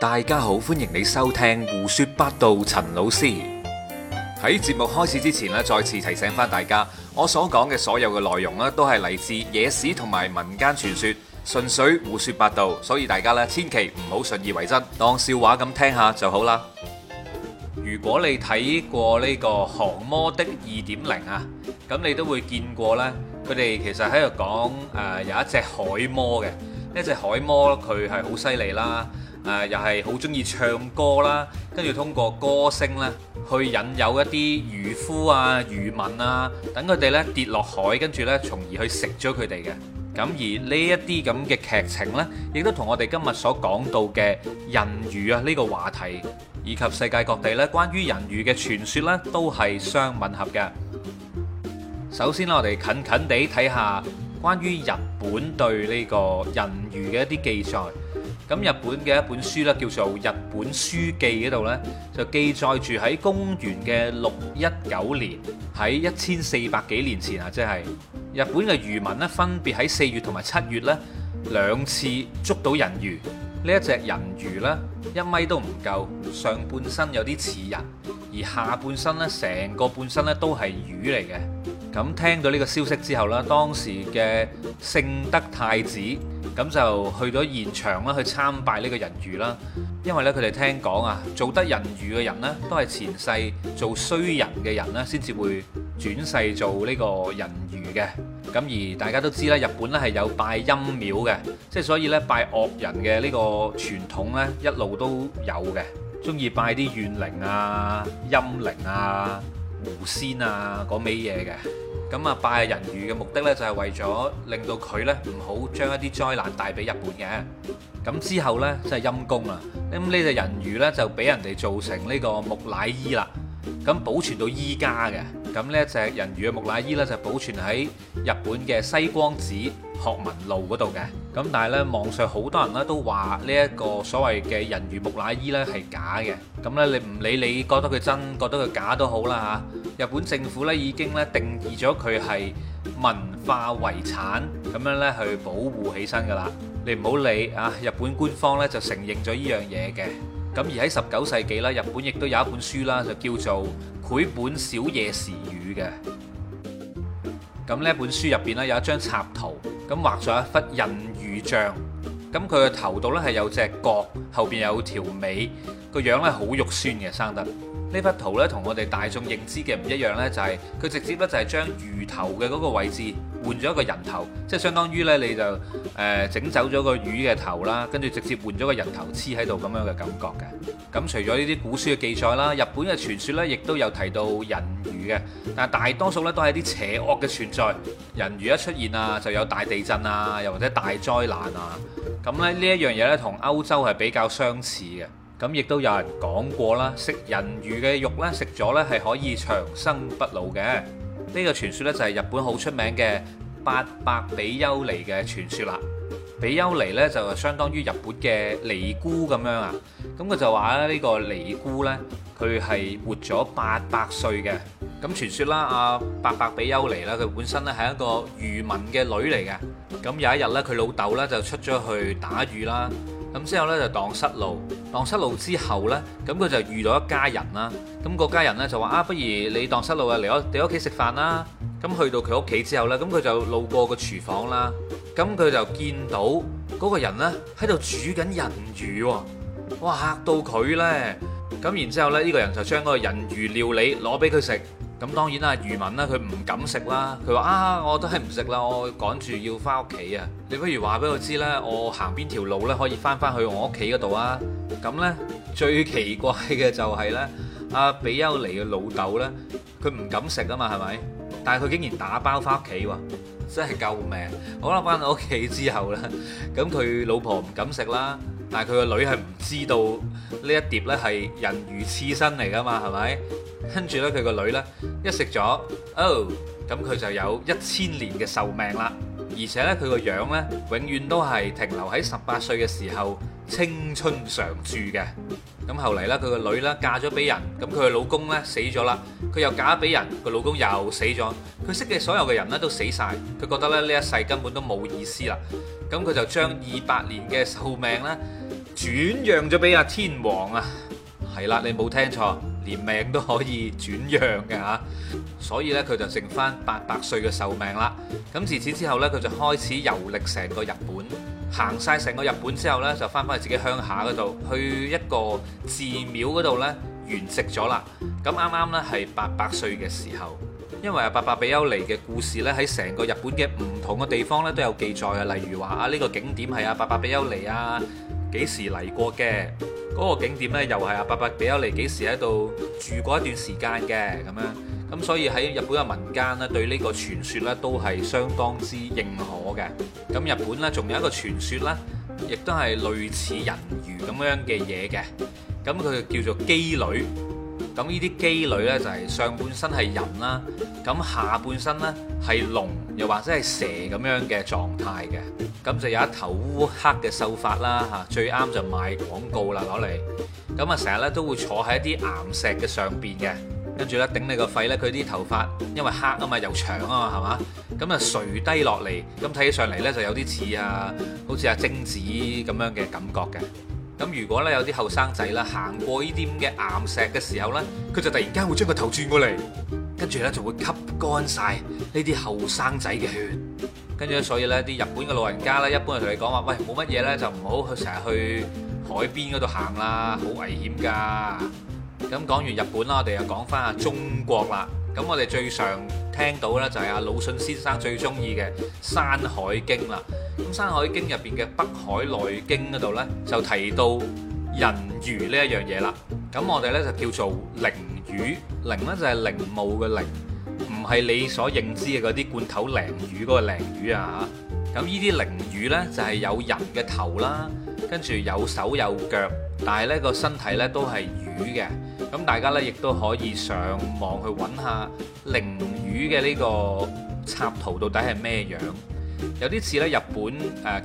大家好，歡迎你收聽胡說八道。陳老師喺節目開始之前咧，再次提醒翻大家，我所講嘅所有嘅內容咧，都係嚟自野史同埋民間傳說，純粹胡說八道，所以大家咧千祈唔好信以為真，當笑話咁聽下就好啦。如果你睇過呢個《航魔的二點零》啊，咁你都會見過呢，佢哋其實喺度講誒有一隻海魔嘅，呢隻海魔佢係好犀利啦。誒又係好中意唱歌啦，跟住通過歌聲呢去引誘一啲漁夫啊、漁民啊，等佢哋呢跌落海，跟住呢從而去食咗佢哋嘅。咁而呢一啲咁嘅劇情呢，亦都同我哋今日所講到嘅人魚啊呢個話題，以及世界各地呢關於人魚嘅傳說呢，都係相吻合嘅。首先啦，我哋近近地睇下關於日本對呢個人魚嘅一啲記載。咁日本嘅一本書咧，叫做《日本書記》嗰度咧，就記載住喺公元嘅六一九年，喺一千四百幾年前啊！即係日本嘅漁民咧，分別喺四月同埋七月咧兩次捉到人魚，呢一隻人魚咧，一米都唔夠，上半身有啲似人，而下半身咧成個半身咧都係魚嚟嘅。咁聽到呢個消息之後呢，當時嘅聖德太子咁就去咗現場啦，去參拜呢個人魚啦。因為呢，佢哋聽講啊，做得人魚嘅人呢，都係前世做衰人嘅人呢，先至會轉世做呢個人魚嘅。咁而大家都知啦，日本呢係有拜陰廟嘅，即係所以呢，拜惡人嘅呢個傳統呢，一路都有嘅，中意拜啲怨靈啊、陰靈啊。狐仙啊，嗰味嘢嘅，咁啊拜人魚嘅目的呢，就係為咗令到佢呢唔好將一啲災難帶俾日本嘅，咁之後呢，就係陰功啦，咁呢隻人魚呢，就俾人哋做成呢個木乃伊啦，咁保存到依家嘅，咁呢一隻人魚嘅木乃伊呢，就保存喺日本嘅西光寺。學文路嗰度嘅，咁但係呢網上好多人呢都話呢一個所謂嘅人魚木乃伊呢係假嘅，咁呢，你唔理你覺得佢真，覺得佢假都好啦嚇。日本政府呢已經呢定義咗佢係文化遺產，咁樣呢去保護起身㗎啦。你唔好理啊，日本官方呢就承認咗呢樣嘢嘅。咁而喺十九世紀啦，日本亦都有一本書啦，就叫做《繪本小夜時雨》嘅。咁呢本書入邊呢，有一張插圖。咁畫咗一忽人魚像，咁佢嘅頭度呢係有隻角，後邊有條尾，個樣咧好肉酸嘅生得。呢幅圖呢，同我哋大眾認知嘅唔一樣呢，就係、是、佢直接咧就係將魚頭嘅嗰個位置換咗一個人頭，即係相當於呢，你就誒整、呃、走咗個魚嘅頭啦，跟住直接換咗個人頭黐喺度咁樣嘅感覺嘅。咁、嗯、除咗呢啲古書嘅記載啦，日本嘅傳說呢亦都有提到人魚嘅，但係大多數呢都係啲邪惡嘅存在。人魚一出現啊，就有大地震啊，又或者大災難啊。咁咧呢一樣嘢呢，同歐洲係比較相似嘅。咁亦都有人講過啦，食人魚嘅肉呢，食咗呢係可以長生不老嘅。呢個傳說呢，就係日本好出名嘅八百比丘尼嘅傳說啦。比丘尼呢，就相當於日本嘅尼姑咁樣啊。咁佢就話咧呢個尼姑呢，佢係活咗八百歲嘅。咁傳說啦，阿八百比丘尼呢，佢本身呢係一個漁民嘅女嚟嘅。咁有一日呢，佢老豆呢，就出咗去打魚啦。咁之後呢，就蕩失路，蕩失路之後呢，咁佢就遇到一家人啦。咁嗰家人呢，就話：啊，不如你蕩失路啊，嚟我哋屋企食飯啦。咁去到佢屋企之後呢，咁佢就路過個廚房啦。咁佢就見到嗰個人呢喺度煮緊人魚喎，哇，嚇到佢呢。咁然之後呢，呢個人就將嗰個人魚料理攞俾佢食。咁當然啦，漁民啦，佢唔敢食啦。佢話啊，我都係唔食啦，我趕住要翻屋企啊。你不如話俾我知呢，我行邊條路呢？可以翻翻去我屋企嗰度啊？咁呢，最奇怪嘅就係呢，阿比丘尼嘅老豆呢，佢唔敢食啊嘛，係咪？但係佢竟然打包翻屋企喎，真係救命！好啦，翻到屋企之後呢，咁佢老婆唔敢食啦。但係佢個女係唔知道呢一碟咧係人魚刺身嚟噶嘛，係咪？跟住呢，佢個女呢，一食咗，哦，咁佢就有一千年嘅壽命啦，而且呢，佢個樣呢，永遠都係停留喺十八歲嘅時候，青春常駐嘅。咁後嚟呢，佢個女呢，嫁咗俾人，咁佢個老公呢，死咗啦，佢又嫁咗俾人，個老公又死咗，佢識嘅所有嘅人呢都死晒。佢覺得咧呢一世根本都冇意思啦。咁佢就將二百年嘅壽命咧轉讓咗俾阿天皇啊，係 啦，你冇聽錯，連命都可以轉讓嘅吓， 所以呢，佢就剩翻八百歲嘅壽命啦。咁 自此之後呢，佢就開始遊歷成個日本，行晒成個日本之後呢，就翻返去自己鄉下嗰度，去一個寺廟嗰度呢，完食咗啦。咁啱啱呢係八百歲嘅時候。因為八百比丘尼嘅故事咧，喺成個日本嘅唔同嘅地方咧都有記載啊。例如話啊，呢、這個景點係八百比丘尼啊幾時嚟過嘅？嗰、那個景點咧又係八百比丘尼幾時喺度住過一段時間嘅咁樣。咁所以喺日本嘅民間咧，對個傳呢個傳說咧都係相當之認可嘅。咁日本咧仲有一個傳說呢亦都係類似人魚咁樣嘅嘢嘅。咁佢就叫做磯女。咁呢啲機女呢，就係上半身係人啦，咁下半身呢，係龍又或者係蛇咁樣嘅狀態嘅，咁就有一頭烏黑嘅秀髮啦嚇，最啱就賣廣告啦攞嚟，咁啊成日呢都會坐喺啲岩石嘅上邊嘅，跟住呢，頂你個肺呢，佢啲頭髮因為黑啊嘛又長啊嘛係嘛，咁啊垂低落嚟，咁睇起上嚟呢，就有啲似啊，好似阿貞子咁樣嘅感覺嘅。咁如果咧有啲後生仔啦，行過呢啲咁嘅岩石嘅時候咧，佢就突然間會將個頭轉過嚟，跟住咧就會吸乾晒呢啲後生仔嘅血，跟住咧，所以咧啲日本嘅老人家咧一般就同你講話，喂，冇乜嘢咧就唔好去成日去海邊嗰度行啦，好危險噶。咁講完日本啦，我哋又講翻啊中國啦。咁我哋最常聽到呢，就係阿魯迅先生最中意嘅《山海經》啦。咁《山海經》入邊嘅《北海內經》嗰度呢，就提到人魚呢一樣嘢啦。咁我哋呢，就叫做鯪魚，鯪呢，就係陵墓嘅陵，唔係你所認知嘅嗰啲罐頭鯪魚嗰個鯪魚啊嚇。咁呢啲鯪魚呢，就係有人嘅頭啦，跟住有手有腳，但係呢個身體呢，都係魚嘅。咁大家咧，亦都可以上網去揾下鯪魚嘅呢個插圖，到底係咩樣？有啲似咧日本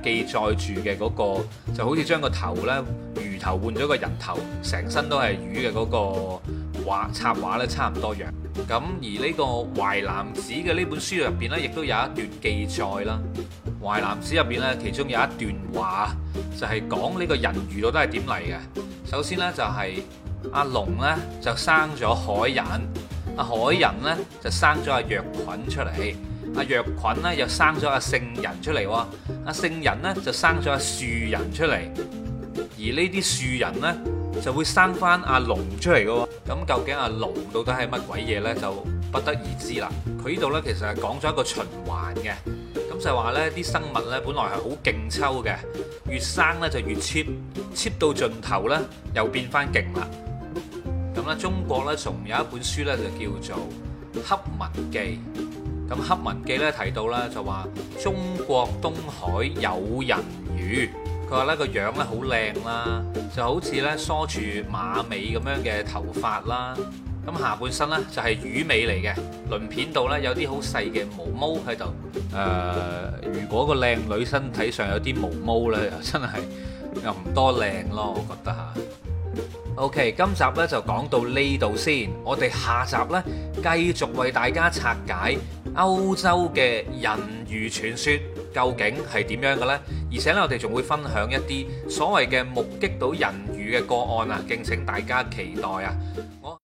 誒記載住嘅嗰個，就好似將個頭呢魚頭換咗個人頭，成身都係魚嘅嗰個畫插畫咧，畫差唔多樣。咁而呢個《淮南子》嘅呢本書入邊呢，亦都有一段記載啦，《淮南子》入邊呢，其中有一段話就係講呢個人魚到底係點嚟嘅。首先呢，就係、是。阿龍咧就生咗海人，阿、啊、海人咧就生咗阿藥菌出嚟，阿、啊、藥菌咧又生咗阿聖人出嚟喎，阿、啊、聖人咧就生咗阿樹人出嚟，而樹呢啲樹人咧就會生翻阿龍出嚟嘅。咁究竟阿龍到底係乜鬼嘢咧？就不得而知啦。佢呢度咧其實係講咗一個循環嘅，咁就係話咧啲生物咧本來係好勁抽嘅，越生咧就越 cheap，cheap 到盡頭咧又變翻勁啦。咁咧，中國咧，仲有一本書咧，就叫做《黑文記》。咁《黑文記》咧提到咧，就話中國東海有人魚。佢話咧個樣咧好靚啦，就好似咧梳住馬尾咁樣嘅頭髮啦。咁下半身咧就係魚尾嚟嘅，鱗片度咧有啲好細嘅毛毛喺度。誒，如果個靚女身體上有啲毛毛咧，又真係又唔多靚咯，我覺得嚇。O.K. 今集呢就講到呢度先，我哋下集呢，繼續為大家拆解歐洲嘅人魚傳說究竟係點樣嘅呢？而且呢，我哋仲會分享一啲所謂嘅目擊到人魚嘅個案啊，敬請大家期待啊！我。